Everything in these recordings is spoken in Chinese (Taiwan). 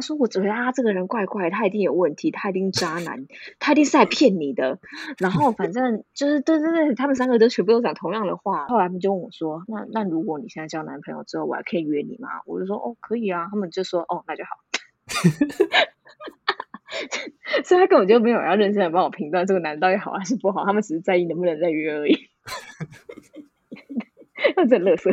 說：“我覺得他，這個人怪怪，他一定有問題，他一定渣男，他一定是在騙你的。”然後反正就是對對對，他們三個都全部都講同樣的話。後來他們就問我說：“那那如果你現在交男朋友之後，我還可以約你嗎？”我就說：“哦，可以啊。”他們就說：“哦，那就好。 ”所以，他根本就沒有要認真的幫我評斷這個男的到底好還是不好。他們只是在意能不能再約而已。真樂色。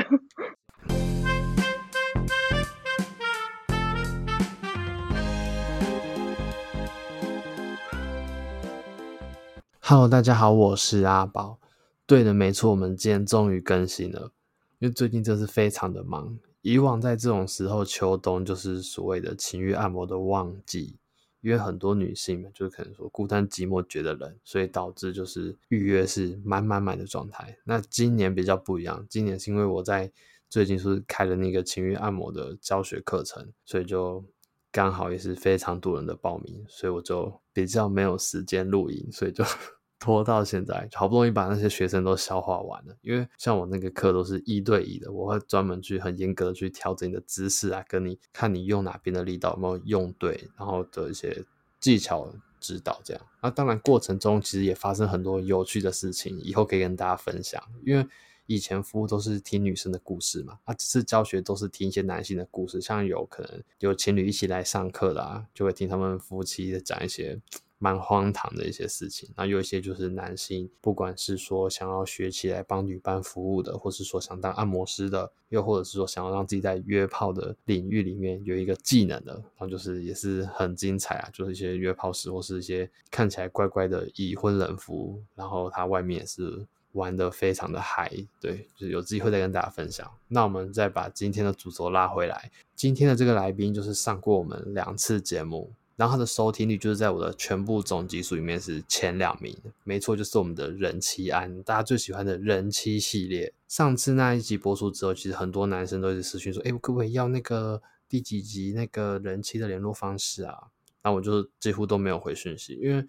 哈嘍大家好，我是阿寶。對的，沒錯，我們今天終於更新了，因為最近真的是非常的忙。以往在這種時候，秋冬就是所謂的“情欲按摩”的旺季，因為很多女性嘛，就是可能說孤單寂寞覺得冷，所以導致就是預約是滿滿滿的狀態。那今年比較不一樣，今年是因為我在最近是開了那個情欲按摩的教學課程，所以就剛好也是非常多人的報名，所以我就比較沒有時間錄影，所以就。 拖到現在，好不容易把那些學生都消化完了。因為像我那個課都是一對一的，我會專門去很嚴格的去調整你的姿勢啊，跟你看你用哪邊的力道有沒有用對，然後的一些技巧指導這樣。那、啊、當然過程中其實也發生很多有趣的事情，以後可以跟大家分享。因為以前服務都是聽女生的故事嘛，啊，這次教學都是聽一些男性的故事，像有可能有情侶一起來上課啦、啊，就會聽他們夫妻的講一些。蠻荒唐的一些事情，那有一些就是男性，不管是說想要學起來幫女伴服務的，或是說想當按摩師的，又或者是說想要讓自己在約炮的領域裡面有一個技能的，然後就是也是很精彩啊，就是一些約炮師或是一些看起來乖乖的已婚人夫，然後他外面也是玩的非常的嗨。對，就是有機會再跟大家分享。那我們再把今天的主軸拉回來，今天的這個來賓就是上過我們兩次節目。然後他的收聽率就是在我的全部總集數裡面是前兩名，沒錯，就是我們的人妻安，大家最喜歡的人妻系列。上次那一集播出之後，其實很多男生都是私訊說：“哎，我可不可以要那個第幾集那個人妻的聯絡方式啊？”那我就幾乎都沒有回訊息，因為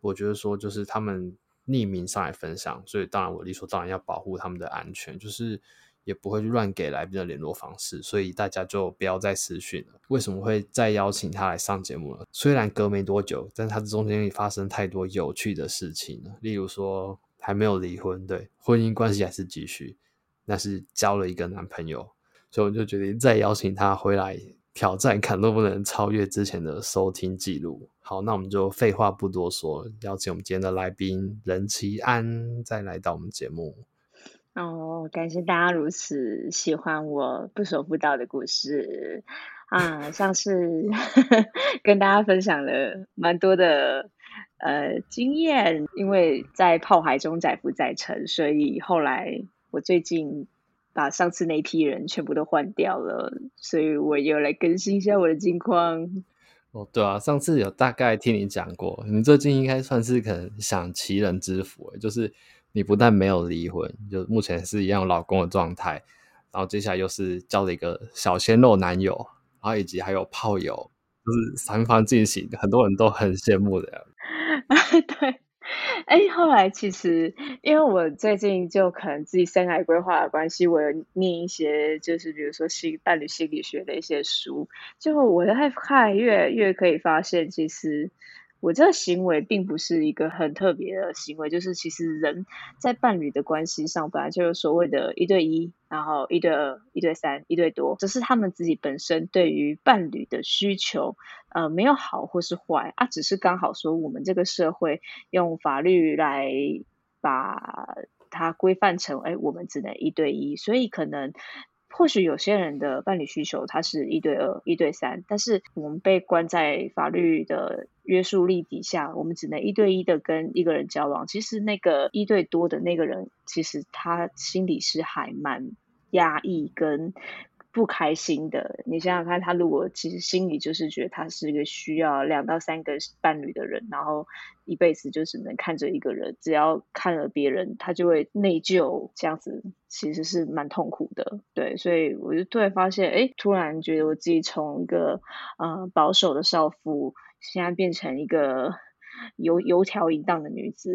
我覺得說就是他們匿名上來分享，所以當然我理所當然要保護他們的安全，就是。也不會去亂給來賓的聯絡方式，所以大家就不要再私訊了。為什麼會再邀請他來上節目呢？雖然隔沒多久，但他的中間也發生太多有趣的事情了。例如說還沒有離婚，對，婚姻關係還是繼續，但是交了一個男朋友，所以我就決定再邀請他回來挑戰，看能不能超越之前的收聽記錄。好，那我們就廢話不多說，邀請我們今天的來賓人妻 An 再來到我們節目。哦，感謝大家如此喜歡我不守婦道的故事啊！上次 跟大家分享了蠻多的呃經驗，因為在炮海中載浮載沉，所以後來我最近把上次那批人全部都換掉了，所以我又來更新一下我的近況。哦，對啊，上次有大概聽你講過，你最近應該算是可能享齊人之福，就是。你不但沒有離婚，就目前是一樣老公的狀態，然後接下來又是交了一個小鮮肉男友，然後以及還有炮友，就是三方進行，很多人都很羨慕的。啊，對，哎，後來其實因為我最近就可能自己生涯規劃的關係，我有念一些就是比如說心伴侶心理學的一些書，就我越看越越可以發現，其實。我這個行為並不是一個很特別的行為，就是其實人在伴侶的關係上，本來就有所謂的一對一，然後一對二、一對三、一對多，只是他們自己本身對於伴侶的需求，呃，沒有好或是壞啊，只是剛好說我們這個社會用法律來把它規範成，哎，我們只能一對一，所以可能。或許有些人的伴侶需求，他是一對二、一對三，但是我們被關在法律的約束力底下，我們只能一對一的跟一個人交往。其實那個一對多的那個人，其實他心裡是還蠻壓抑跟。不開心的，你想想看，他如果其實心裡就是覺得他是一個需要兩到三個伴侶的人，然後一輩子就只能看着一個人，只要看了別人，他就會內疚，這樣子其實是蠻痛苦的。對，所以我就突然發現，哎，突然覺得我自己從一個嗯、呃、保守的少婦，現在變成一個。油油條淫蕩的女子。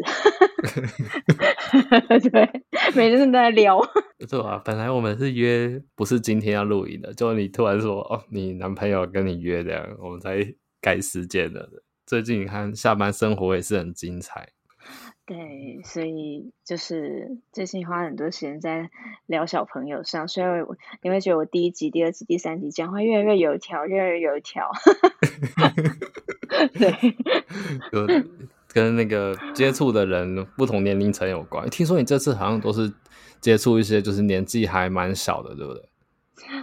對，每天都在撩。不錯。 啊，本來我們是約，不是今天要錄音的，就你突然說哦，你男朋友跟你約這樣，我們才改時間的。最近你看，下班生活也是很精彩。對，所以就是最近花很多時間在聊小朋友上，所以你會覺得我第一集、第二集、第三集講話越來越有條，越來越有條。 對，有跟那個接觸的人不同年齡層有關。聽說你這次好像都是接觸一些就是年紀還蠻小的，對不對？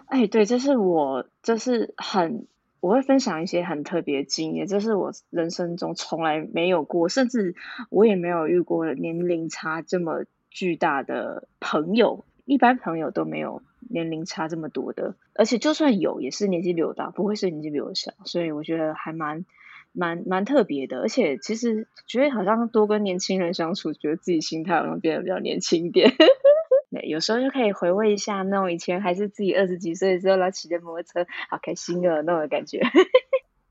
哎、欸，對，就是我就是很。我會分享一些很特別的經驗，這是我人生中從來沒有過，甚至我也沒有遇過年齡差這麼巨大的朋友。一般朋友都沒有年齡差這麼多的，而且就算有，也是年紀比我大，不會是年紀比我小。所以我覺得還蠻、蠻、蠻、蠻特別的。而且其實覺得好像多跟年輕人相處，覺得自己心態好像變得比較年輕一點。 有時候就可以回味一下那種以前還是自己二十幾歲的時候來騎着摩托車，好開心啊，那種感覺。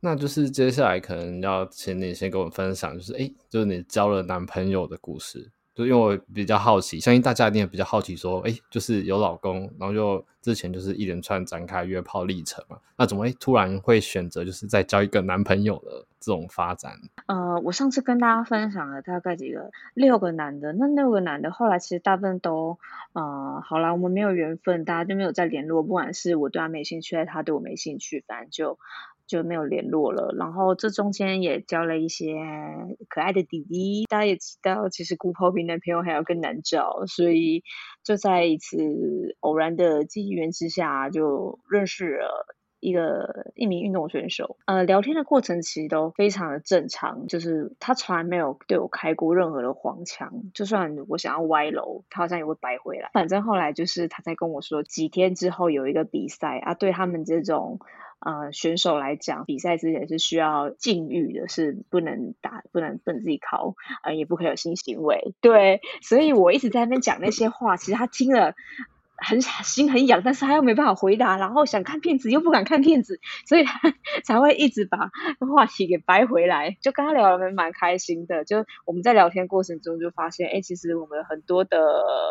那就是接下來可能要請你先跟我分享，就是哎、欸，就是你交了男朋友的故事。就因為我比較好奇，相信大家一定也比較好奇，說，哎、欸，就是有老公，然後就之前就是一連串展開約炮歷程嘛，那怎麼哎、欸、突然會選擇就是再交一個男朋友的這種發展？呃，我上次跟大家分享了大概幾個，六個男的，那六個男的後來其實大部分都，呃，好啦，我們沒有緣分，大家就沒有再聯絡。不管是我對他沒興趣，還是他對我沒興趣，反正就。就沒有聯絡了，然後這中間也交了一些可愛的弟弟。大家也知道，其實砲友比男朋友還要更難找，所以就在一次偶然的機緣之下，就認識了一個一名運動選手。呃，聊天的過程其實都非常的正常，就是他從來沒有對我開過任何的黃腔，就算我想要歪樓，他好像也會掰回來。反正後來就是他在跟我說，幾天之後有一個比賽啊，對他們這種。呃，選手來講，比賽之前是需要禁慾的是，是不能打，不能不能自己考，呃，也不可以有性行為。對，所以我一直在那邊講那些話， 其實他聽了，很心很癢，但是他又沒辦法回答，然後想看片子又不敢看片子，所以他才會一直把話題給掰回來。就跟他聊了，還蠻開心的。就我們在聊天過程中就發現，哎、欸，其實我們很多的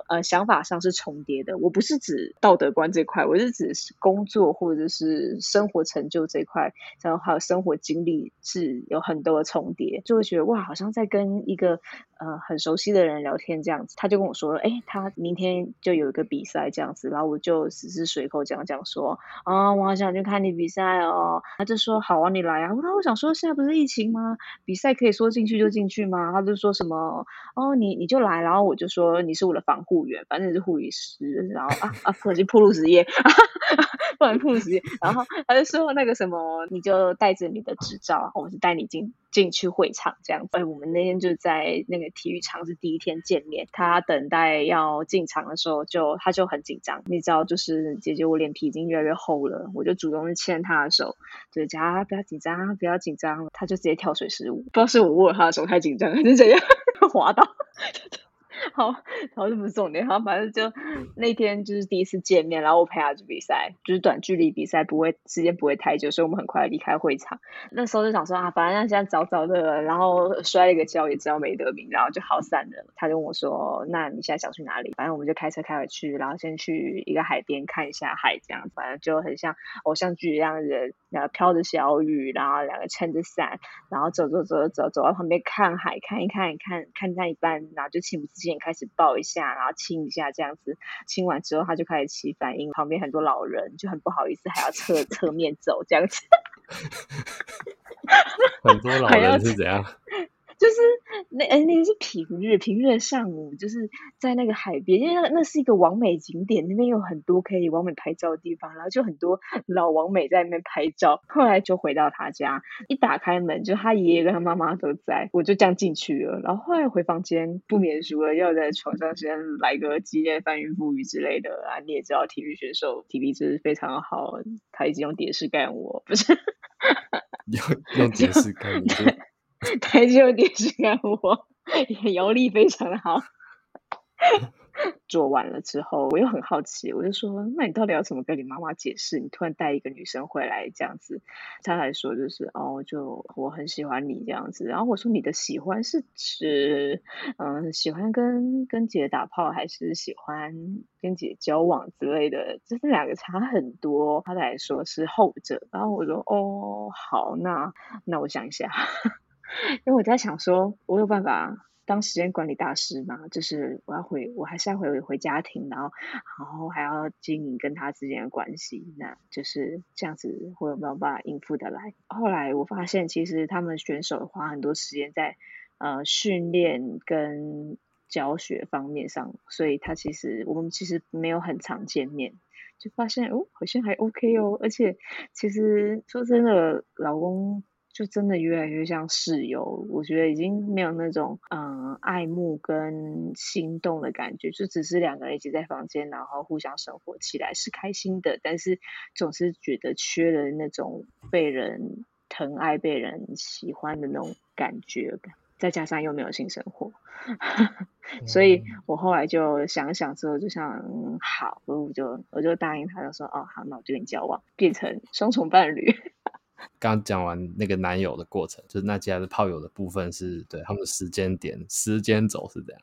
呃想法，上是重疊的。我不是指道德觀這塊，我是指工作或者是生活成就這塊，然後還有生活經歷是有很多的重疊，就會覺得哇，好像在跟一個呃很熟悉的人聊天這樣子。他就跟我說，哎、欸，他明天就有一個比賽。這樣子，然後我就只是隨口講講說，啊、哦，我好想去看你比賽哦。他就說，好啊，你來啊。那我想說，現在不是疫情嗎？比賽可以說進去就進去嗎？他就說什麼，哦，你你就來。然後我就說，你是我的防護員，反正你是護理師。然後啊啊，可惜鋪路職業 不能普及，然後他就說那個什麼，你就帶着你的執照，我們就帶你進進去會場這樣。哎，我們那天就在那個體育場是第一天見面，他等待要進場的時候就，就他就很緊張。你知道，就是姐姐我臉皮已經越來越厚了，我就主動去牽他的手，就是講啊不要緊張，不要緊張。他就直接跳水失誤，不知道是我握了他的手太緊張還是怎樣，就直接滑倒。好，然後這不是重點，好，反正就那天就是第一次見面，然後我陪他去比賽，就是短距離比賽不會，時間不會太久，所以我們很快離開會場。那時候就想說啊，反正現在早早的，然後摔了一個跤，也知道沒得名，然後就好散了。他就問我說：“那你現在想去哪裡？”反正我們就開車開回去，然後先去一個海邊看一下海，這樣，反正就很像偶像劇一樣的人，然後飄着小雨，然後兩個撐着傘，然後走走走走走到旁邊看海，看一看看看看一半，然後就情不自禁，開始抱一下，然後親一下，這樣子。親完之後，他就開始起反應。旁邊很多老人就很不好意思，還要側 側面走這樣子。 很多老人是怎樣？ 就是那哎，那是平日平日的上午，就是在那個海邊，因為那那是一個完美景點，那邊有很多可以網美拍照的地方，然後就很多老網美在那邊拍照。後來就回到他家，一打開門，就他爺爺跟他媽媽都在，我就這樣進去了。然後後來回房間，不免俗了，要在床上先來個激烈翻雲覆雨之類的啊！你也知道，體育選手體力真是非常好，他一直用蝶式幹我，不是？用用蝶式幹你。 就 台球有點震撼，我腰力非常的好。做完了之後，我又很好奇，我就說：“那你到底要怎麼跟你媽媽解釋？你突然帶一個女生回來這樣子？”她還說：“就是哦，就我很喜歡你這樣子。”然後我說：“你的喜歡是指嗯，喜歡跟跟姐打炮，還是喜歡跟姐交往之類的？”就是兩個差很多。她才說是後者。然後我說：“哦，好，那那我想一下。 ”因為我在想說，我有辦法當時間管理大師嘛？就是我要回，我還是要回回家庭，然後，然後還要經營跟他之間的關係，那就是這樣子，會有沒有辦法應付得來？後來我發現，其實他們選手花很多時間在呃訓練跟教學方面上，所以他其實我們其實沒有很常見面，就發現哦，好像還 OK 哦，而且其實說真的，老公。就真的越來越像室友，我覺得已經沒有那種嗯愛慕跟心動的感覺，就只是兩個人一起在房間，然後互相生活起來是開心的，但是總是覺得缺了那種被人疼愛、被人喜歡的那種感覺感，再加上又沒有性生活， 所以我後來就想想之後，就想好，我就我就答應他，就說哦好，那我就跟你交往，變成雙重伴侶。剛，剛講完那個男友的過程，就是那家的炮友的部分是，是對他們的時間點、時間軸是這樣。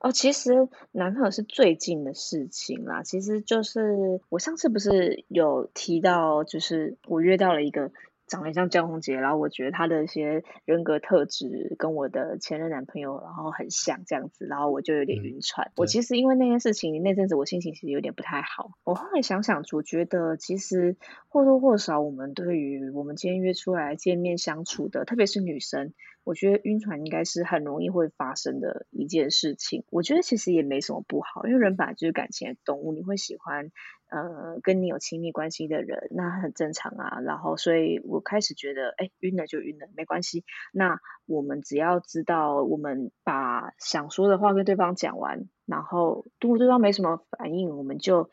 哦，其實男朋友是最近的事情啦，其實就是我上次不是有提到，就是我約到了一個。長得像江宏傑，然後我覺得他的一些人格特質跟我的前任男朋友然後很像這樣子，然後我就有點暈船、嗯。我其實因為那件事情那陣子我心情其實有點不太好。我後來想想，就覺得其實或多或少我們對於我們今天約出來見面相處的，嗯、特別是女生。我覺得暈船應該是很容易會發生的一件事情。我覺得其實也沒什麼不好，因為人本來就是感情的動物，你會喜歡呃跟你有親密關係的人，那很正常啊。然後，所以我開始覺得，誒、欸，暈了就暈了，沒關係。那我們只要知道，我們把想說的話跟對方講完，然後如果對方沒什麼反應，我們就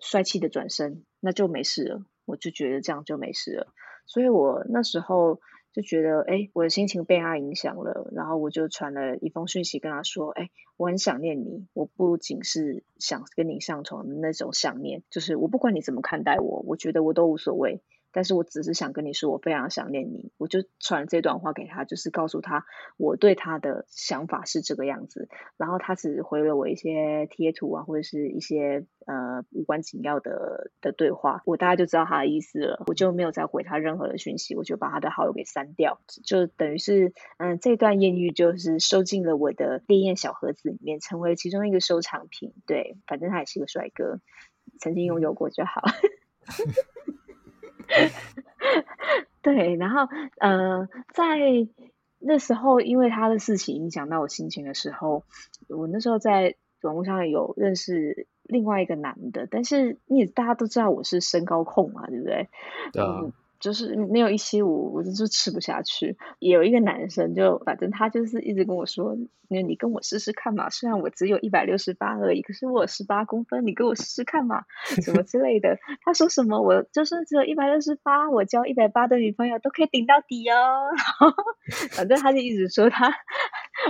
帥氣的轉身，那就沒事了。我就覺得這樣就沒事了。所以我那時候。就覺得，哎、欸，我的心情被他影響了，然後我就傳了一封訊息跟他說，哎、欸，我很想念你，我不僅是想跟你上床的那種想念，就是我不管你怎麼看待我，我覺得我都無所謂。但是我只是想跟你說，我非常想念你。我就傳這段話給他，就是告訴他我對他的想法是這個樣子。然後他只回了我一些貼圖啊，或者是一些呃無關緊要的的對話。我大概就知道他的意思了。我就沒有再回他任何的訊息，我就把他的好友給刪掉。就等於是，嗯，這段豔遇就是收進了我的烈焰小盒子裡面，成為其中一個收藏品。對，反正他也是一個帥哥，曾經擁有過就好。 對，然後呃，在那時候，因為他的事情影響到我心情的時候，我那時候在工作上有認識另外一個男的，但是你也大家都知道我是身高控嘛，對不對？對啊嗯就是沒有一七五我就吃不下去。也有一個男生就反正他就是一直跟我說，那你，你跟我試試看嘛。雖然我只有一百六十八而已，可是我十八公分，你跟我試試看嘛，什麼之類的。他說什麼，我就算只有一百六十八，我交一百八的女朋友都可以頂到底哦。 反正他就一直說他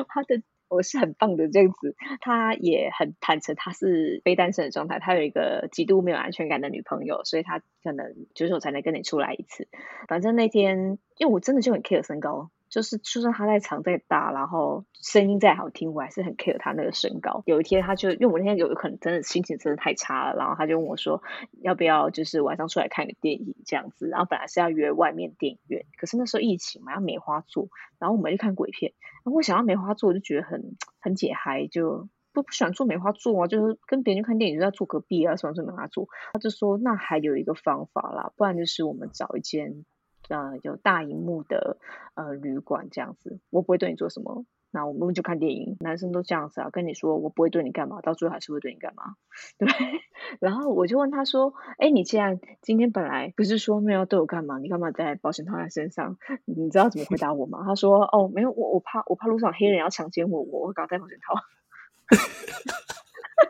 他的。我是很棒的這樣子，他也很坦誠，他是非單身的狀態，他有一個極度沒有安全感的女朋友，所以他可能就是我才能跟你出來一次，反正那天因為我真的就很 care 身高。就是，就算他在場再大，然後聲音再好聽，我還是很 care 他那個身高。有一天，他就因為我那天有可能真的心情真的太差了，然後他就問我說，要不要就是晚上出來看個電影這樣子？然後本來是要約外面電影院，可是那時候疫情嘛，要梅花座。然後我們去看鬼片，然後我想到梅花座，我就覺得很很解嗨，就不不喜歡坐梅花座啊，就是跟別人看電影就要坐隔壁啊，什麼什麼梅花座，他就說，那還有一個方法啦，不然就是我們找一間。呃，有大螢幕的呃旅館這樣子，我不會對你做什麼。那我們就看電影，男生都這樣子啊。跟你說，我不會對你幹嘛，到最後還是會對你幹嘛，對。然後我就問他說：“哎、欸，你既然今天本來不是說沒有對我幹嘛，你幹嘛帶保險套在身上？你知道怎麼回答我嗎？” 他說：“哦，沒有，我我怕我怕路上黑人要強姦我，我我趕快帶保險套。”哈哈哈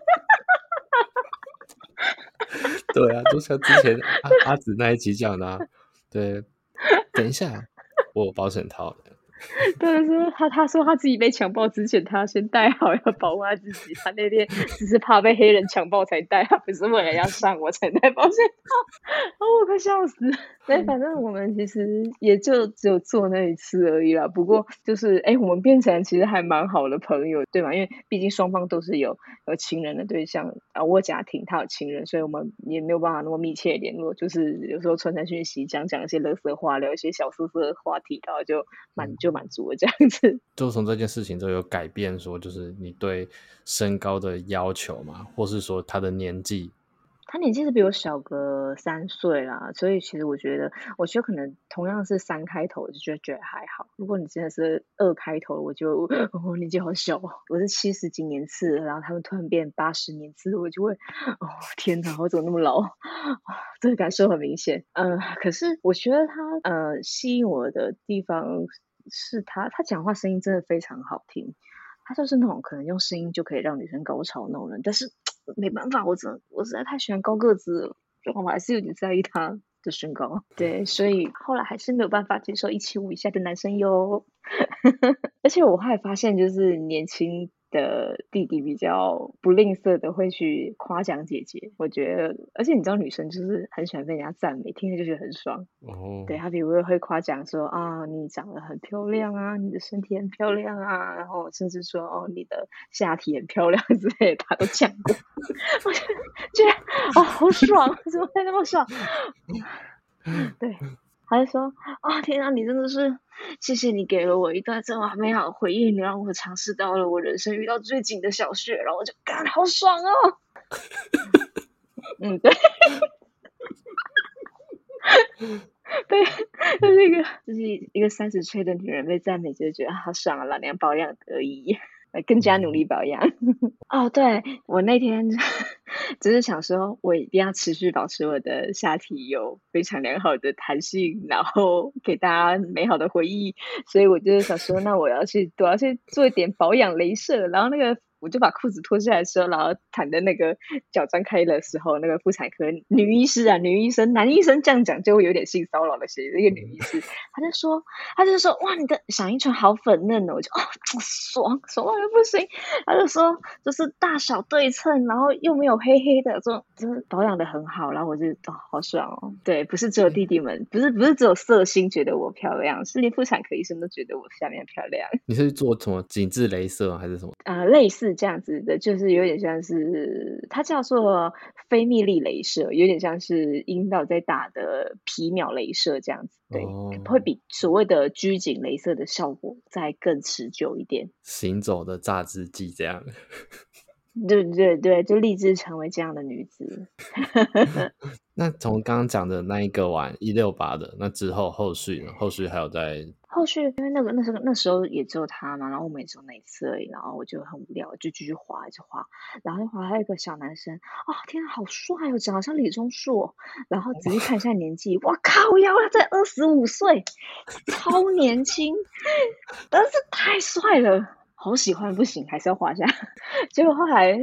哈哈！對啊，就像之前阿 阿紫那一集講的，對。 等一下，我有保險套 但是。他說他他說他自己被強暴之前，他先戴好，要保護他自己。他那天只是怕被黑人強暴才戴，他不是為了要上我才戴保險套。 哦，我快笑死了。哎，反正我們其實也就只有做那一次而已啦。不過就是，哎、欸，我們變成其實還蠻好的朋友，對嗎？因為畢竟雙方都是有有情人的對象，啊，我家庭他有情人，所以我們也沒有辦法那麼密切聯絡。就是有時候傳傳訊息，講講一些垃圾話，聊一些小色色的話題的話，然後就滿就滿足了這樣子。就從這件事情都有改變，說就是你對身高的要求嘛，或是說他的年紀。他年紀是比我小個三歲啦，所以其實我覺得，我覺得可能同樣是三開頭，就覺得還好。如果你真的是二開頭我、哦，我就哦年紀好小，我是七十幾年次，然後他們突然變八十年次，我就會哦天哪，我怎麼那麼老啊？這個感受很明顯。嗯、呃，可是我覺得他呃吸引我的地方是他，他講話聲音真的非常好聽，他就是那種可能用聲音就可以讓女生高潮那種人，但是。沒辦法，我，我真我實在太喜歡高個子了，就我還是有點在意他的身高。對，所以後來還是沒有辦法接受一七五以下的男生喲。 而且我後來發現，就是年輕。的弟弟比較不吝嗇的會去誇獎姐姐，我覺得，而且你知道，女生就是很喜歡被人家讚美，聽着就覺得很爽。哦、oh.，對，他比如說會誇獎說啊，你長得很漂亮啊，你的身體很漂亮啊，然後甚至說哦，你的下體很漂亮之類的，他都講過。我覺得覺得啊，好爽，怎麼會那麼爽？ 對。還說啊、哦，天啊，你真的是謝謝你給了我一段這麼美好的回憶，你讓我嘗試到了我人生遇到最緊的小穴，然後我就感好爽哦、啊。 嗯，對， 對，這是一個就是一個三十、就是、歲的女人被讚美，就覺得好爽啊，老娘保養得宜。呃，更加努力保養 哦！對，我那天 就是想說，我一定要持續保持我的下體有非常良好的彈性，然後給大家美好的回憶，所以我就想說，那我要去，我要去做一點保養鐳射，然後那個。我就把褲子脫下來的時候，然後躺在那個腳張開的時候，那個婦產科女醫師啊，女醫生、男醫生這樣講就會有點性騷擾的嫌疑。那個女醫師，她就說，她就說，哇，你的小陰唇好粉嫩哦，我就哦，爽爽到不行。她就說，就是大小對稱，然後又沒有黑黑的，這種就是保養得很好。然後我就哦，好爽哦。對，不是只有弟弟們，不是不是只有色心覺得我漂亮，是連婦產科醫生都覺得我下面漂亮。你是做什麼緊緻鐳射還是什麼？啊、呃，類似。這樣子的，就是有點像是它叫做非密立鐳射，有點像是陰道在打的皮秒鐳射這樣子，對，Oh. 會比所謂的拘緊鐳射的效果再更持久一點。行走的榨汁機這樣。對對對，就立志成為這樣的女子。 那從剛剛講的那一個玩一六八的，那之後後續呢？後續還有在後續，因為那個那時候那時候也只有他嘛，然後我們也只有那一次而已。然後我就很無聊，就繼續滑一直滑，然後就滑到一個小男生，哦天哪，好帥哦，長得像李鍾碩。然後仔細看一下年紀， 哇靠腰，我要他才二十五歲，超年輕， 但是太帥了。好喜歡，不行，還是要畫下。結果後來。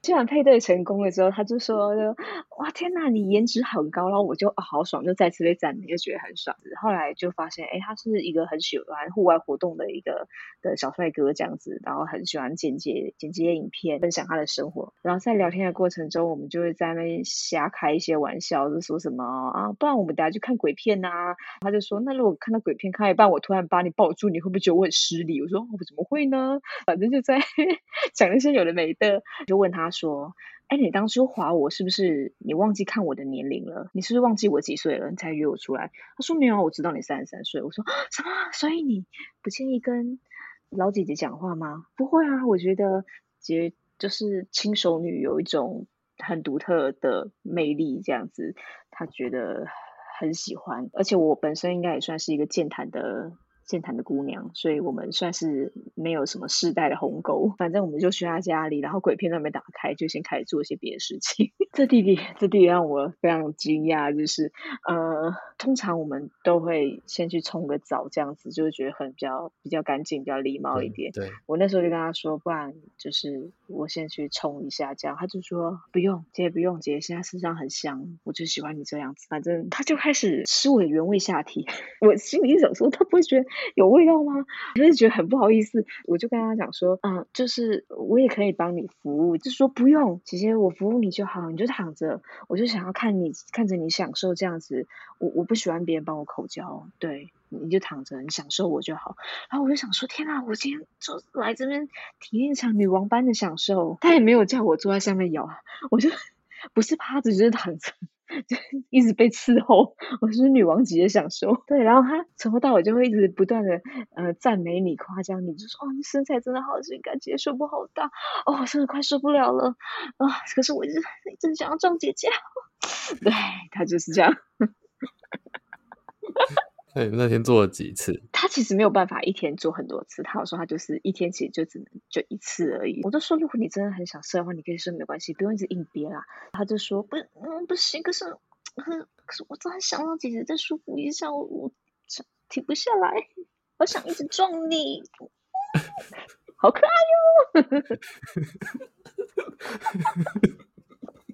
居然配對成功了之後，他就說：“就哇，天哪，你顏值很高！”然後我就、啊、好爽，就再次被讚，你就覺得很爽。後來就發現，哎，他是一個很喜歡戶外活動的一個的小帥哥，這樣子，然後很喜歡剪輯剪輯影片，分享他的生活。然後在聊天的過程中，我們就會在那邊瞎開一些玩笑，就說什麼啊，不然我們等下去看鬼片吶、啊？他就說：“那如果看到鬼片看一半，我突然把你抱住，你會不會覺得我很失禮？”我說：“我怎麼會呢？反正就在講那些有的沒的。”就問他。他說：“哎、欸，你當初劃我是不是你忘記看我的年齡了？你是不是忘記我幾歲了？你才約我出來？”他說：“沒有，我知道你三十三歲。”我說：“什麼？所以你不建議跟老姐姐講話嗎？”不會啊，我覺得姐就是輕熟女，有一種很獨特的魅力。這樣子，他覺得很喜歡。而且我本身應該也算是一個健談的。健談的姑娘，所以我們算是沒有什麼世代的鴻溝。反正我們就去他家裡，然後鬼片都沒打開，就先開始做一些別的事情。 這弟弟，這弟弟讓我非常驚訝，就是呃，通常我們都會先去沖個澡，這樣子就會覺得很比較比較乾淨，比較禮貌一點對。對，我那時候就跟他說，不然就是我先去沖一下，這樣。他就說不用，姐姐不用，姐姐現在身上很香，我就喜歡你這樣子。反正他就開始吃我的原味下體，我心裡想說，他不會覺得，有味道嗎？我就覺得很不好意思，我就跟他講說，嗯，就是我也可以幫你服務，就說不用，姐姐我服務你就好，你就躺着，我就想要看你看着你享受這樣子，我我不喜歡別人幫我口交，對，你就躺着，你享受我就好。然後我就想說，天啊，我今天就是來這邊體驗一場女王般的享受，他也沒有叫我坐在下面搖，我就不是趴着，就是躺着。就一直被伺候，我是女王級的享受。對，然後他從頭到尾就會一直不斷的呃讚美你、誇獎你，就說哦，你身材真的好性感，你感覺胸部好大，哦，我真的快受不了了啊、哦！可是我一直一直想要撞姐姐。對，他就是這樣。 哎、欸，那天做了幾次？他其實沒有辦法一天做很多次。他有時候他就是一天其實就只能就一次而已。我就說，如果你真的很想睡的話，你可以睡沒關係，不用一直硬憋啦。他就說不，嗯，不行。可是，可是我真的很想讓姐姐再舒服一下，我我停停不下來，我想一直撞你， 好可愛喲。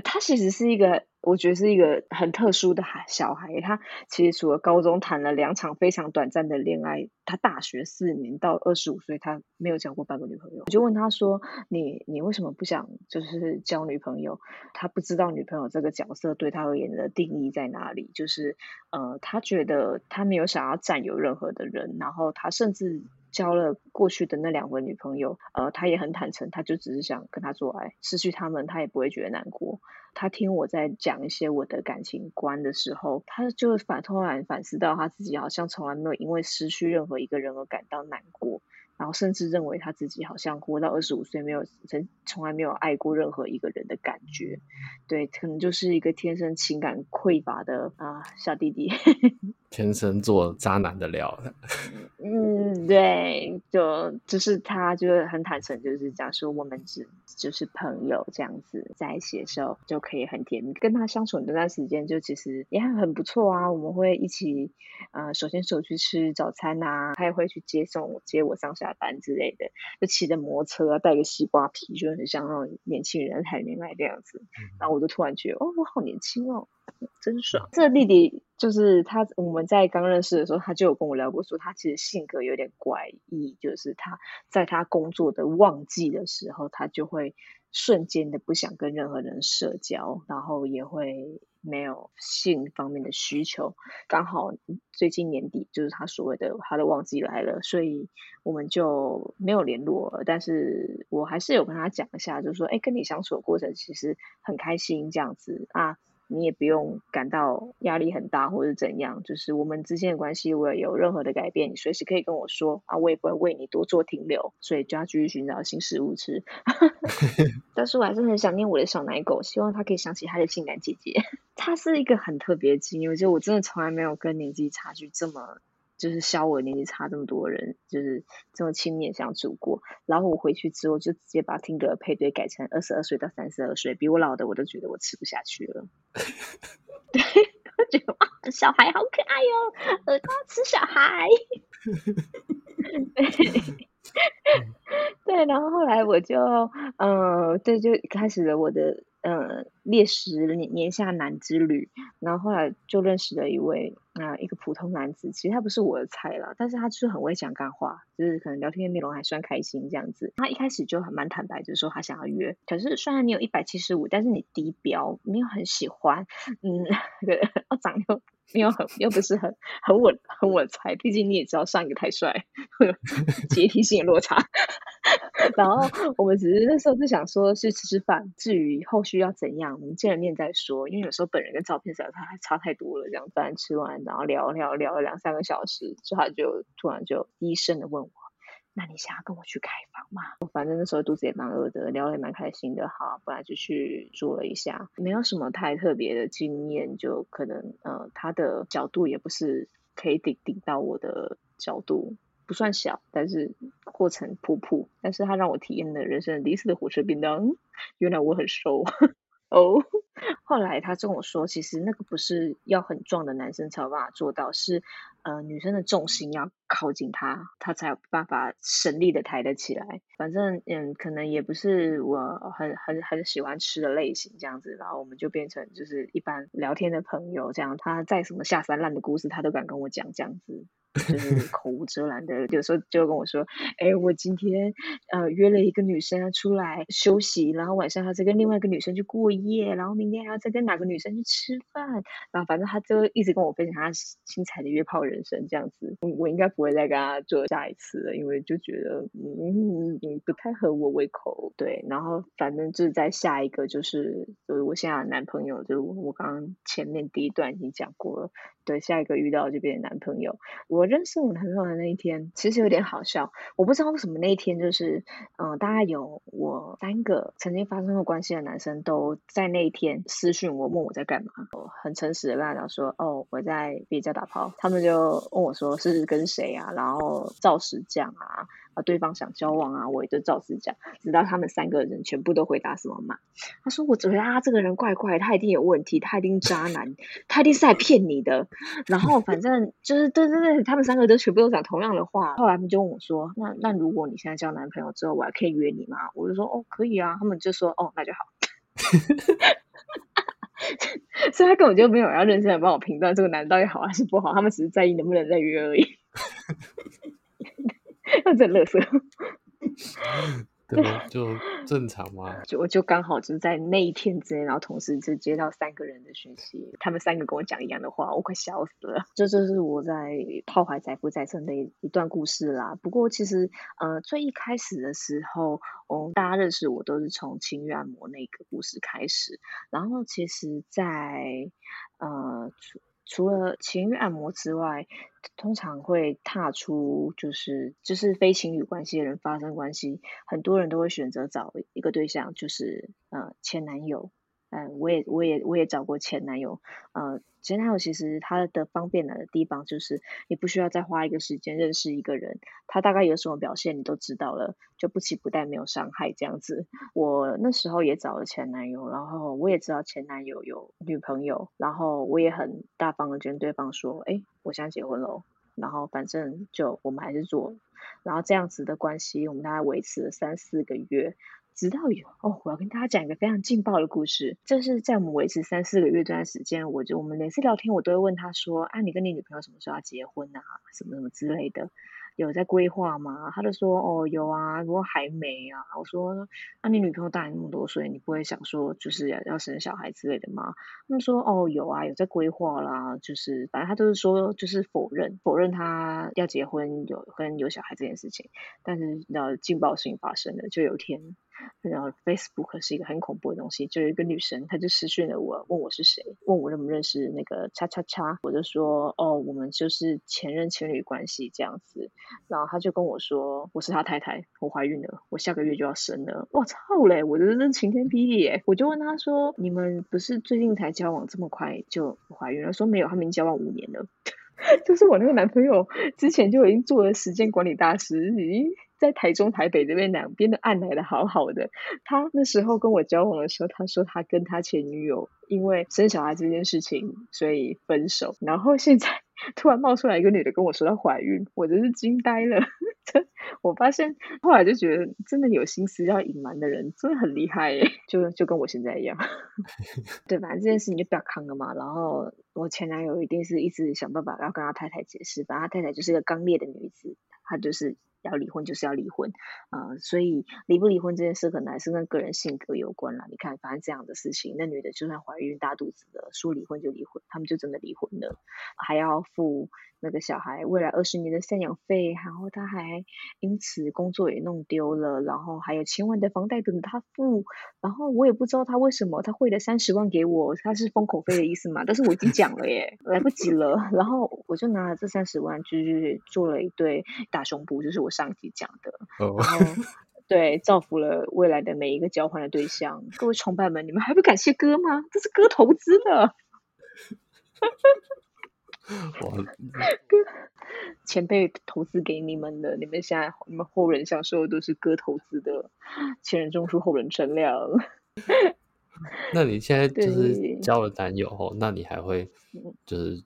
他其實是一個，我覺得是一個很特殊的孩小孩。他其實除了高中談了兩場非常短暫的戀愛，他大學四年到二十五歲，他沒有交過半個女朋友。我就問他說：“你你為什麼不想就是交女朋友？”他不知道女朋友這個角色對他而言的定義在哪裡。就是呃，他覺得他沒有想要占有任何的人，然後他甚至。交了過去的那兩個女朋友，呃，他也很坦誠，他就只是想跟她做愛，失去他們他也不會覺得難過。他聽我在講一些我的感情觀的時候，他就反，突然反思到他自己好像從來沒有因為失去任何一個人而感到難過。然後甚至認為他自己好像活到二十五歲沒有從從來沒有愛過任何一個人的感覺，對，可能就是一個天生情感匱乏的啊、呃、小弟弟， 天生做渣男的料。 嗯，對，就就是他就是很坦誠，就是講說我們只就是朋友這樣子，在一起的時候就可以很甜蜜。跟他相處的那段時間就其實也很很不錯啊，我們會一起呃首先手牽手去吃早餐啊，他也會去接送我接我上下班之類的，就騎着摩托車啊，帶個西瓜皮，就很像那種年輕人在談戀愛這樣子，嗯。然後我就突然覺得，哦，我好年輕哦，真爽，啊。這個弟弟就是他，我們在剛認識的時候，他就有跟我聊過說，說他其實性格有點怪異，就是他在他工作的旺季的時候，他就會。瞬間的不想跟任何人社交，然後也會沒有性方面的需求。剛好最近年底就是他所謂的他的旺季來了，所以我們就沒有聯絡。但是我還是有跟他講一下，就是說，誒、欸、跟你相處的過程其實很開心，這樣子啊。你也不用感到壓力很大，或者怎樣。就是我們之間的關係，如果有任何的改變，你隨時可以跟我說啊，我也不會為你多做停留。所以就要繼續尋找新食物吃。 但是我還是很想念我的小奶狗，希望他可以想起他的性感姐姐。他 是一個很特別的基因，我覺得我真的從來沒有跟年紀差距這麼。就是小我年紀差這麼多人，就是這麼親密相處過。然後我回去之後，就直接把 Tinder 配對改成二十二歲到三十二歲，比我老的我都覺得我吃不下去了。對，覺得哇，小孩好可愛喲、哦，我要吃小孩。 對， 對，然後後來我就，嗯、呃，對，就開始了我的，嗯、呃，獵食年，年下男之旅。然後後來就認識了一位，那、啊、一個普通男子，其實他不是我的菜了，但是他就是很會講幹話，就是可能聊天的內容還算開心這樣子。他一開始就很蠻坦白，就是說他想要約，可是雖然你有一百七十五，但是你低標，沒有很喜歡，嗯，我、哦、長又沒有很又不是很很穩很穩菜，畢竟你也知道上一個太帥，階梯性落差。 然後我們只是那時候是想說是吃吃飯，至於後續要怎樣，我們見了面再說，因為有時候本人跟照片長得還差太多了，這樣，不然吃完。然後聊聊聊了兩三個小時，之後就突然就低聲的問我：“那你想要跟我去開房嗎？”我反正那時候肚子也蠻餓的，聊得也蠻開心的，哈，不然就去做了一下，沒有什麼太特別的經驗，就可能呃，他的角度也不是可以頂頂到我的角度，不算小，但是過程普普，但是他讓我體驗了人生的第一次的火車便當。原來我很瘦。哦，後來他跟我說，其實那個不是要很壯的男生才有辦法做到，是呃，女生的重心要靠近他，他才有辦法省力的抬得起來。反正嗯，可能也不是我很很很喜歡吃的類型這樣子，然後我們就變成就是一般聊天的朋友，這樣，他再什麼下三濫的故事，他都敢跟我講這樣子。 就是口無遮攔的，有時候就跟我說，哎、欸，我今天呃約了一個女生要出來休息，然後晚上她再跟另外一個女生去過夜，然後明天還要再跟哪個女生去吃飯，然後反正他就一直跟我分享他精彩的約炮人生這樣子。我應該不會再跟他做下一次了，因為就覺得嗯嗯，嗯不太合我胃口。對，然後反正就是在下一個就是我現在的男朋友，就我剛剛前面第一段已經講過了。對，下一個遇到這邊的男朋友我，我認識我男朋友的那一天，其實有點好笑。我不知道為什麼那一天，就是嗯、呃，大概有我三個曾經發生過關係的男生，都在那一天私訊我，問我在幹嘛。我很誠實的跟他說：“哦，我在別家打炮。”他們就問我說：“是跟誰啊？”然後照實講啊。對方想交往啊，我也就照實講，直到他們三個人全部都回答什麼嘛？他說我覺得啊，這個人怪怪，他一定有問題，他一定渣男，他一定是在騙你的。然後反正就是對對對，他們三個都全部都講同樣的話。 後來他們就問我說：“那那如果你現在交男朋友之後，我還可以約你嗎？”我就說：“哦，可以啊。”他們就說：“哦，那就好。 ”所以，他根本就沒有人要認真的幫我評斷這個男的到底好還是不好。他們只是在意能不能再約而已。 那真樂色，對，就正常嘛。 就我就剛好就在那一天之內，然後同時就接到三個人的訊息，他們三個跟我講一樣的話，我快笑死了。這就，就是我在砲海載浮載沉的一一段故事啦。不過其實，呃，最一開始的時候，嗯、哦，大家認識我都是從情慾按摩那個故事開始。然後其實在，在呃。除了情慾按摩之外，通常會踏出就是就是非情侶關係的人發生關係，很多人都會選擇找一個對象，就是呃前男友。嗯，我也，我也，我也找過前男友。嗯、呃，前男友其實他的方便的地方就是，你不需要再花一個時間認識一個人，他大概有什麼表現你都知道了，就不期不待沒有傷害這樣子。我那時候也找了前男友，然後我也知道前男友有女朋友，然後我也很大方的跟對方說，哎，我想結婚嘍。然後反正就我們還是做，然後這樣子的關係我們大概維持了三四個月。直到有哦，我要跟大家講一個非常勁爆的故事。就是在我們維持三四個月這段時間，我就我們每次聊天，我都會問他說：“啊，你跟你女朋友什麼時候要結婚啊？什麼什麼之類的，有在規劃嗎？”他就說：“哦，有啊，不過還沒啊。”我說：“那、啊、你女朋友大你那麼多歲，你不會想說就是要要生小孩之類的嗎？”他們說：“哦，有啊，有在規劃啦。就是反正他都是說就是否認否認他要結婚有跟有小孩這件事情。但是，要勁爆事情發生了，就有一天。然後 Facebook 是一個很恐怖的東西，就有一個女生，她就私訊了我，問我是誰，問我認不認識那個叉叉叉，我就說，哦，我們就是前任情侶關係這樣子，然後她就跟我說，我是他太太，我懷孕了，我下個月就要生了。我操嘞，我這是晴天霹靂。誒，我就問她說，你們不是最近才交往，這麼快就懷孕了？她說沒有，他們已經交往五年了。 就是我那個男朋友之前就已經做了時間管理大師，在台中、台北這邊兩邊都安排的好好的，他那時候跟我交往的時候，他說他跟他前女友因為生小孩這件事情，所以分手。然後現在突然冒出來一個女的跟我說她懷孕，我真是驚呆了。這我發現後來就覺得，真的有心思要隱瞞的人真的很厲害耶，就就跟我現在一樣。 對吧？這件事你就不要扛了嘛。然後我前男友一定是一直想辦法要跟他太太解釋吧，反正他太太就是一個剛烈的女子，他就是。要離婚就是要離婚，啊、呃，所以離不離婚這件事可能還是跟個人性格有關啦。你看，反正這樣的事情，那女的就算懷孕大肚子的，說離婚就離婚，他們就真的離婚了，還要付那個小孩未來二十年的贍養費，然後他還因此工作也弄丟了，然後還有千萬的房貸等着他付，然後我也不知道他為什麼，他匯了三十萬給我，他是封口費的意思嘛？但是我已經講了耶， 來不及了，然後我就拿了這三十萬就是做了一對大胸部，就是我。上一集講的、oh.，對，造福了未來的每一個交換的對象，各位崇拜們，你們還不感謝哥嗎？這是哥投資的，哈哈。哥前輩投資給你們的，你們現在你們後人享受都是哥投資的，前人種樹，後人乘涼。 那你現在就是交了男友後，那你還會就是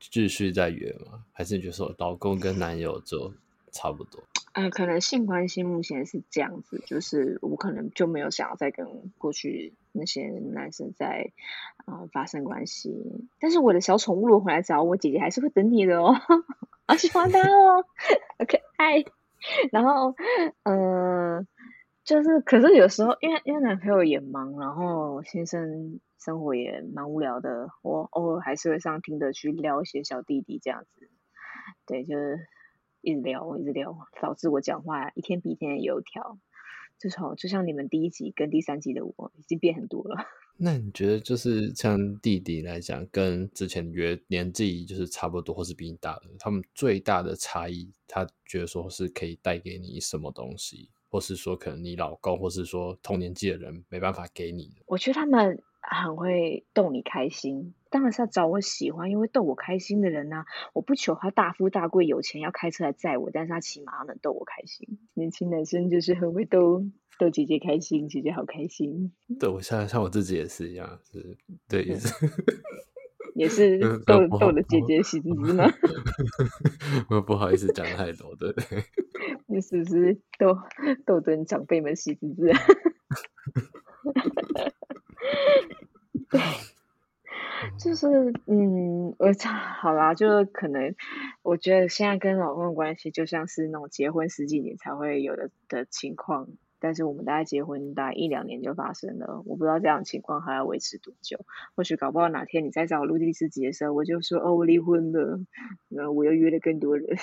繼續再約嗎？還是就說老公跟男友做？ 差不多，嗯、呃，可能性關係目前是這樣子，就是我可能就沒有想要再跟過去那些男生在啊、呃、發生關係。但是我的小寵物如果回來找我，姐姐還是會等你的哦， 好喜歡他哦，好可愛。 然後，呃，就是，可是有時候因為因為男朋友也忙，然後先生生活也蠻無聊的，我偶爾還是會上聽的去撩一些小弟弟這樣子，對，就是。一直聊，一直聊，導致我講話一天比一天油條。這種就是，就像你們第一集跟第三集的我，已經變很多了。那你覺得，就是像弟弟來講，跟之前約年紀就是差不多，或是比你大的，他們最大的差異，他覺得說是可以帶給你什麼東西，或是說可能你老公，或是說同年紀的人沒辦法給你的？我覺得他們。很會逗你開心，當然是要找我喜歡，因為逗我開心的人呢、啊、我不求他大富大貴，有錢要開車來載我，但是他起碼能逗我開心。年輕男生就是很會逗逗姐姐開心，姐姐好開心。對，我像像我自己也是一樣，是對，對、嗯， 也是，也是逗逗的姐姐喜滋滋嗎。我、嗯嗯嗯、不好意思講太多，對， 你是不是逗逗得你長輩們喜滋滋，啊？ 對， 就是嗯，我好啦，就是可能我覺得現在跟老公的關係就像是那種結婚十幾年才會有的的情況，但是我們大概結婚大概一兩年就發生了，我不知道這樣情況還要維持多久，或許搞不好哪天你再找我錄第四集的時候，我就說哦，我離婚了，那我又約了更多人。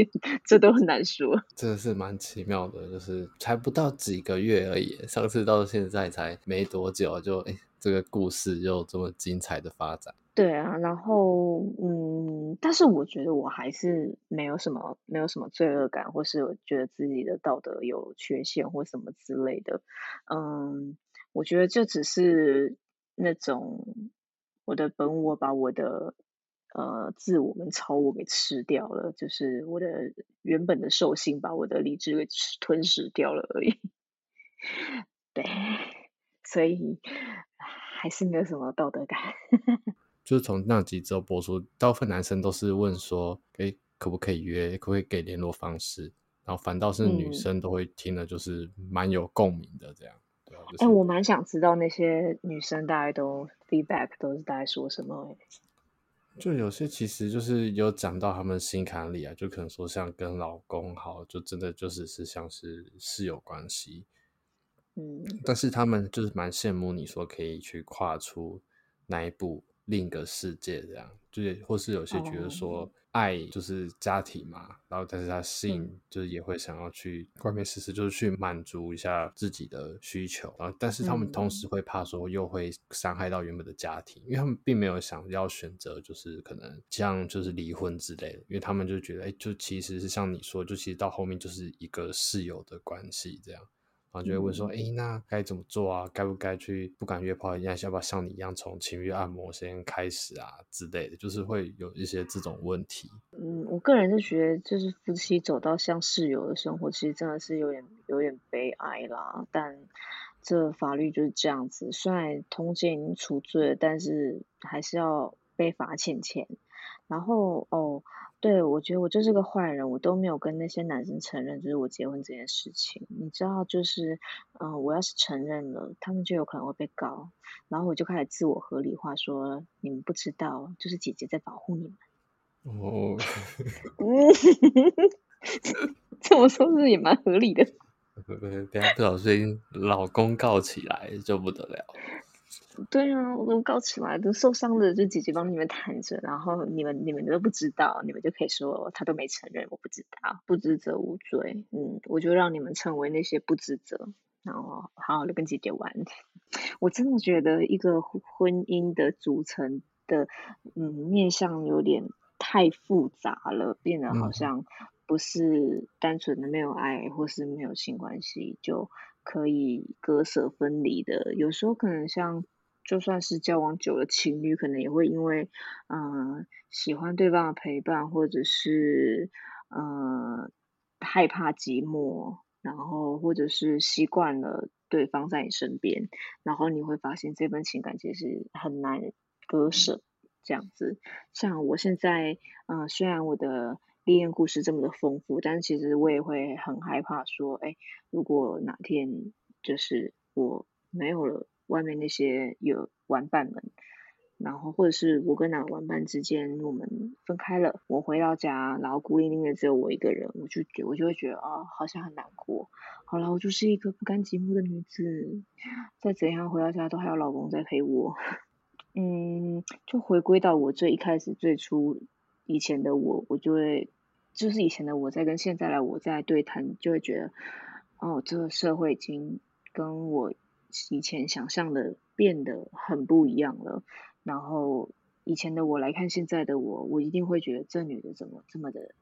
這都很難說，這是蠻奇妙的，就是才不到幾個月而已，上次到現在才沒多久就，就、欸、這個故事又這麼精彩的發展。對啊，然後嗯，但是我覺得我還是沒有什麼，沒有什麼罪惡感，或是我覺得自己的道德有缺陷或什麼之類的。嗯，我覺得這只是那種我的本我把我的。呃，自我跟超我給吃掉了，就是我的原本的獸性把我的理智給吞噬掉了而已。 對，所以、啊、還是沒有什麼道德感。 就是從那集之後播出，大部分男生都是問說：“哎、欸，可不可以約？可不可以給聯絡方式？”然後反倒是女生都會聽的就是蠻有共鳴的這樣。哎、嗯啊，就是欸，我蠻想知道那些女生大概都 feedback 都是大概說什麼、欸。就有些其實就是有講到他們心坎裡啊，就可能說像跟老公好，就真的就是是像是室友關係，嗯，但是他們就是蠻羨慕你說可以去跨出那一步。另一個世界，這樣就是，或是有些覺得說，愛就是家庭嘛，Oh. 然後但是他性、嗯、就是也會想要去外面試試，就是去滿足一下自己的需求，然後但是他們同時會怕說又會傷害到原本的家庭、嗯，因為他們並沒有想要選擇，就是可能像就是離婚之類的，因為他們就覺得，哎、欸，就其實是像你說，就其實到後面就是一個室友的關係這樣。然後就會問說：“誒那該怎麼做啊？該不該去？不敢約炮一樣，要不要像你一樣從情慾按摩先開始啊之類的？就是會有一些這種問題。”嗯，我個人就覺得，就是夫妻走到像室友的生活，其實真的是有點有點悲哀啦。但這個法律就是這樣子，雖然通奸已經除罪，但是還是要被罰錢錢。然後哦。對，我覺得我就是個壞人，我都沒有跟那些男生承認就是我結婚這件事情。你知道，就是，嗯、呃，我要是承認了，他們就有可能會被告，然後我就開始自我合理化說，說你們不知道，就是姐姐在保護你們。哦， 這麼說是不是也蠻合理的？等下不小心，老公告起來就不得了。對啊，我都告起來，都受傷的就姐姐幫你們談着，然後你們你們都不知道，你們就可以說，他都沒承認，我不知道，不知者無罪，嗯，我就讓你們成為那些不知者，然後好好的跟姐姐玩。 我真的覺得一個婚姻的組成的嗯面向有點太複雜了，變得好像不是單純的沒有愛或是沒有性關係就可以割舍分離的，有時候可能像。就算是交往久了，情侶可能也會因為，嗯、呃，喜歡對方的陪伴，或者是，嗯、呃，害怕寂寞，然後或者是習慣了對方在你身邊，然後你會發現這份情感其實很難割捨，嗯。這樣子，像我現在，嗯、呃，雖然我的戀愛故事這麼的豐富，但其實我也會很害怕說，哎，如果哪天就是我沒有了。外面那些有玩伴們，然後或者是我跟哪個玩伴之間，我們分開了。我回到家，然後孤零零的只有我一個人，我就覺我就會覺得啊、哦，好像很難過。好了，我就是一個不甘寂寞的女子。再怎樣回到家都還有老公在陪我。嗯，就回歸到我最一開始、最初以前的我，我就會就是以前的我在跟現在的我在對談，就會覺得哦，這個社會已經跟我。以前想象的變得很不一樣了，然後以前的我來看現在的我，我一定會覺得這女的怎麼這麼的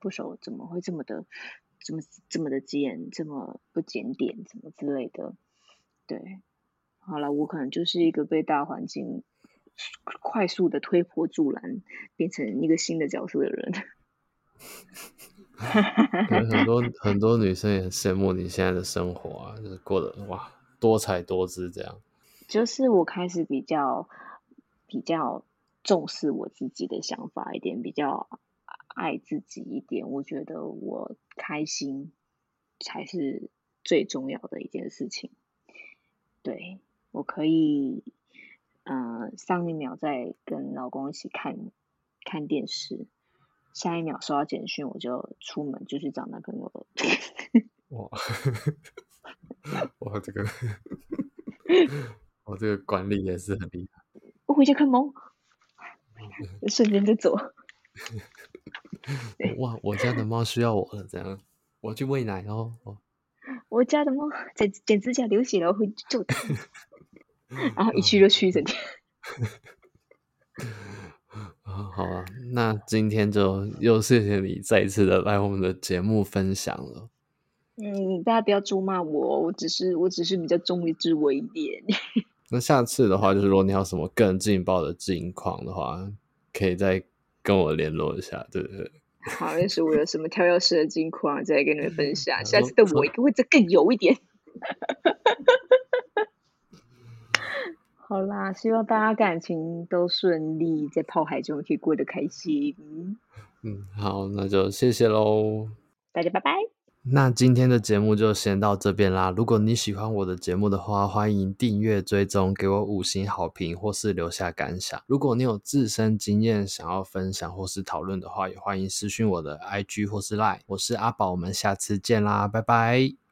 不熟，怎麼會這麼的，這麼這麼的賤，這麼不檢點，怎麼之類的？對，好了，我可能就是一個被大環境快速的推波助瀾，變成一個新的角色的人。哈哈哈，很多很多女生也羨慕你現在的生活啊，就是過得哇。多才多姿，這樣，就是我開始比較比較重視我自己的想法一點，比較愛自己一點。我覺得我開心才是最重要的一件事情。對我可以，嗯、呃、上一秒再跟老公一起看看電視，下一秒收到簡訊，我就出門就去找男朋友了。我。 哇，這個，我 這個管理也是很厲害。我回家看貓，順 便就走 哇了、哦。哇，我家的貓需要我了，這樣，我要去餵奶哦。我家的貓在剪指甲流血了，會就， 然後一去就去一整天。 好吧、啊，那今天就又謝謝你再一次的來我們的節目分享了。嗯，大家不要咒罵我，我只是我只是比較忠於自我一點。 那下次的話，就是如果你有什麼更勁爆的近況的話，可以再跟我聯絡一下，對不對？好，要是我有什麼挑鑰匙的近況， 再跟你們分享。下次的我一定會再更油一點。 好啦，希望大家感情都順利，在砲海中可以過得開心。嗯，好，那就謝謝嘍，大家拜拜。那今天的節目就先到這邊啦。如果你喜歡我的節目的話，歡迎訂閱追蹤，給我五星好評或是留下感想。如果你有自身經驗想要分享或是討論的話，也歡迎私訊我的 IG 或是 LINE。我是阿寶，我們下次見啦，拜拜。